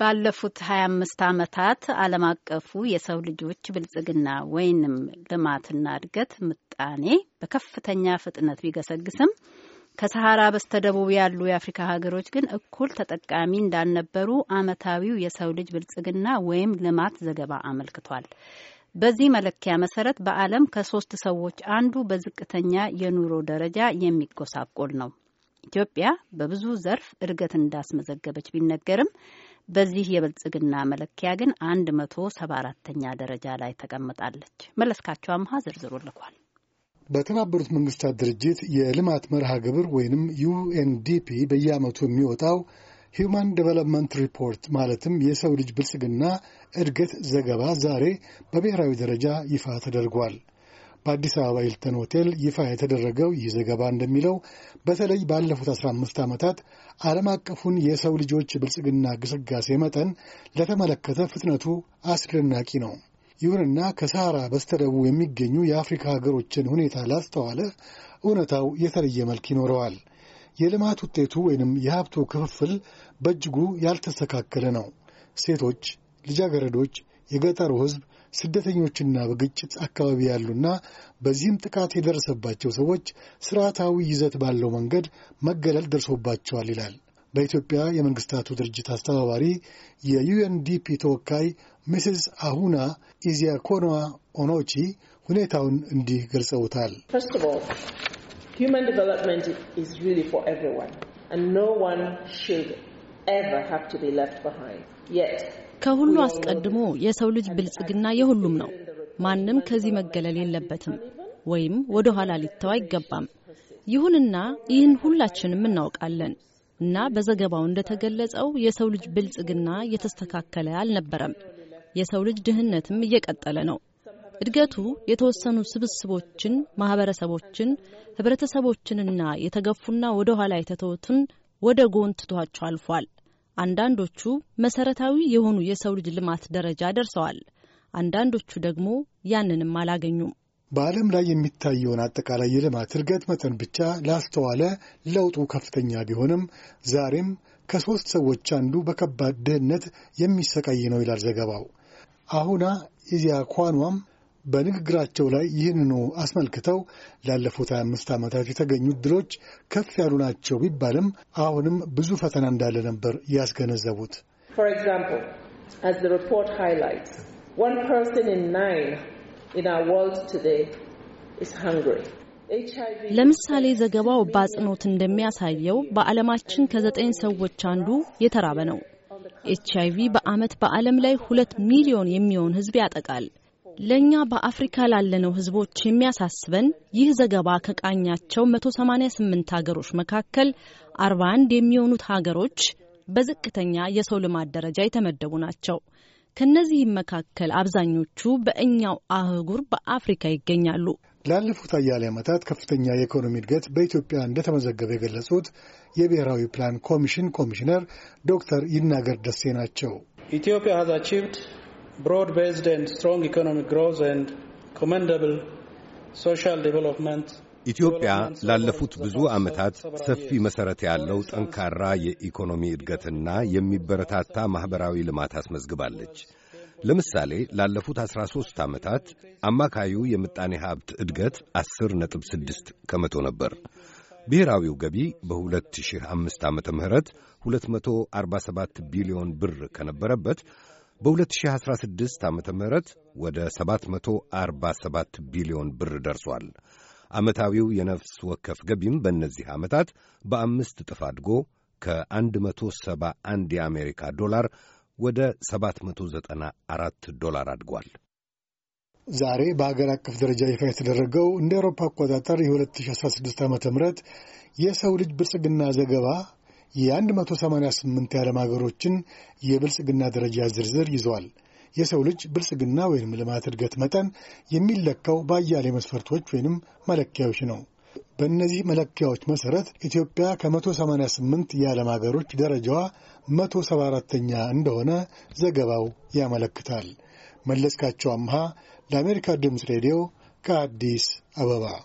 ባለፉት 25 ዓመታት ዓለም አቀፉ የሰው ልጆች ብልጽግና ወይንም ልማትና እድገት ምጣኔ በከፍተኛ ፍጥነት ቢገሰግስም ከሰሃራ በስተደቡብ ያሉ የአፍሪካ ሀገሮች ግን እኩል ተጠቃሚ እንዳልነበሩ ዓመታዊው የሰው ልጅ ብልጽግና ወይም ልማት ዘገባ አመልክቷል። በዚህ መለኪያ መሰረት በዓለም ከሶስት ሰዎች አንዱ በዝቅተኛ የኑሮ ደረጃ የሚጎሳቆል ነው። ኢትዮጵያ በብዙ ዘርፍ እድገት እንዳስመዘገበች ቢነገርም በዚህ የብልጽግና መለኪያ ግን አንድ መቶ ሰባ አራተኛ ደረጃ ላይ ተቀምጣለች። መለስካቸው አምሃ ዝርዝሩ ልኳል። በተባበሩት መንግስታት ድርጅት የልማት መርሃ ግብር ወይንም ዩኤንዲፒ በየዓመቱ የሚወጣው ሂውማን ዴቨሎፕመንት ሪፖርት ማለትም የሰው ልጅ ብልጽግና እድገት ዘገባ ዛሬ በብሔራዊ ደረጃ ይፋ ተደርጓል። በአዲስ አበባ ሂልተን ሆቴል ይፋ የተደረገው ይህ ዘገባ እንደሚለው በተለይ ባለፉት 15 ዓመታት ዓለም አቀፉን የሰው ልጆች ብልጽግና ግስጋሴ መጠን ለተመለከተ ፍጥነቱ አስደናቂ ነው። ይሁንና ከሰሃራ በስተደቡብ የሚገኙ የአፍሪካ ሀገሮችን ሁኔታ ላስተዋለ እውነታው የተለየ መልክ ይኖረዋል። የልማት ውጤቱ ወይንም የሀብቱ ክፍፍል በእጅጉ ያልተስተካከለ ነው። ሴቶች፣ ልጃገረዶች፣ የገጠሩ ሕዝብ፣ ስደተኞችና በግጭት አካባቢ ያሉና በዚህም ጥቃት የደረሰባቸው ሰዎች ስርዓታዊ ይዘት ባለው መንገድ መገለል ደርሶባቸዋል ይላል። በኢትዮጵያ የመንግስታቱ ድርጅት አስተባባሪ የዩኤንዲፒ ተወካይ ሚስስ አሁና ኢዚያኮና ኦኖቺ ሁኔታውን እንዲህ ገልጸውታል። Human development is really for everyone, and no one should ever have to be left behind. Yet, ከሁሉ አስቀድሞ የሰው ልጅ ብልጽግና የሁሉም ነው። ማንም ከዚህ መገለል የለበትም ወይም ወደ ኋላ ሊተው አይገባም። ይሁንና ይህን ሁላችንም እናውቃለን እና በዘገባው እንደተገለጸው የሰው ልጅ ብልጽግና እየተስተካከለ አልነበረም። የሰው ልጅ ድህነትም እየቀጠለ ነው። እድገቱ የተወሰኑ ስብስቦችን፣ ማህበረሰቦችን፣ ህብረተሰቦችንና የተገፉና ወደ ኋላ የተተዉትን ወደ ጎን ትቷቸው አልፏል። አንዳንዶቹ መሰረታዊ የሆኑ የሰው ልጅ ልማት ደረጃ ደርሰዋል። አንዳንዶቹ ደግሞ ያንንም አላገኙም። በዓለም ላይ የሚታየውን አጠቃላይ የልማት እድገት መጠን ብቻ ላስተዋለ ለውጡ ከፍተኛ ቢሆንም ዛሬም ከሦስት ሰዎች አንዱ በከባድ ድህነት የሚሰቃይ ነው ይላል ዘገባው። አሁና ኢዚያ ኳኗም በንግግራቸው ላይ ይህንኑ አስመልክተው ላለፉት 25 ዓመታት የተገኙት ድሎች ከፍ ያሉ ናቸው ቢባልም አሁንም ብዙ ፈተና እንዳለ ነበር ያስገነዘቡት። ለምሳሌ ዘገባው በአጽንኦት እንደሚያሳየው በዓለማችን ከዘጠኝ ሰዎች አንዱ የተራበ ነው። ኤች ቪ በዓመት በዓለም ላይ ሁለት ሚሊዮን የሚሆን ሕዝብ ያጠቃል። ለእኛ በአፍሪካ ላለነው ህዝቦች የሚያሳስበን ይህ ዘገባ ከቃኛቸው 188 ሀገሮች መካከል 41 የሚሆኑት ሀገሮች በዝቅተኛ የሰው ልማት ደረጃ የተመደቡ ናቸው። ከእነዚህም መካከል አብዛኞቹ በእኛው አህጉር በአፍሪካ ይገኛሉ። ላለፉት አያሌ ዓመታት ከፍተኛ የኢኮኖሚ እድገት በኢትዮጵያ እንደተመዘገበ የገለጹት የብሔራዊ ፕላን ኮሚሽን ኮሚሽነር ዶክተር ይናገር ደሴ ናቸው። ኢትዮጵያ ሀዝ አቺቭድ broad-based and strong economic growth and commendable social development ኢትዮጵያ ላለፉት ብዙ ዓመታት ሰፊ መሠረት ያለው ጠንካራ የኢኮኖሚ እድገትና የሚበረታታ ማኅበራዊ ልማት አስመዝግባለች። ለምሳሌ ላለፉት 13 ዓመታት አማካዩ የምጣኔ ሀብት እድገት 10 6 ከመቶ ነበር። ብሔራዊው ገቢ በ2005 ዓ ም 247 ቢሊዮን ብር ከነበረበት በ2016 ዓ ም ወደ 747 ቢሊዮን ብር ደርሷል። ዓመታዊው የነፍስ ወከፍ ገቢም በእነዚህ ዓመታት በአምስት እጥፍ አድጎ ከ171 የአሜሪካ ዶላር ወደ 794 ዶላር አድጓል። ዛሬ በሀገር አቀፍ ደረጃ ይፋ የተደረገው እንደ አውሮፓ አቆጣጠር የ2016 ዓ ም የሰው ልጅ ብልጽግና ዘገባ የ188 የዓለም ሀገሮችን የብልጽግና ደረጃ ዝርዝር ይዟል። የሰው ልጅ ብልጽግና ወይም ልማት እድገት መጠን የሚለካው በአያሌ መስፈርቶች ወይም መለኪያዎች ነው። በእነዚህ መለኪያዎች መሠረት ኢትዮጵያ ከ188 የዓለም ሀገሮች ደረጃዋ 174ተኛ እንደሆነ ዘገባው ያመለክታል። መለስካቸው አምሃ ለአሜሪካ ድምፅ ሬዲዮ ከአዲስ አበባ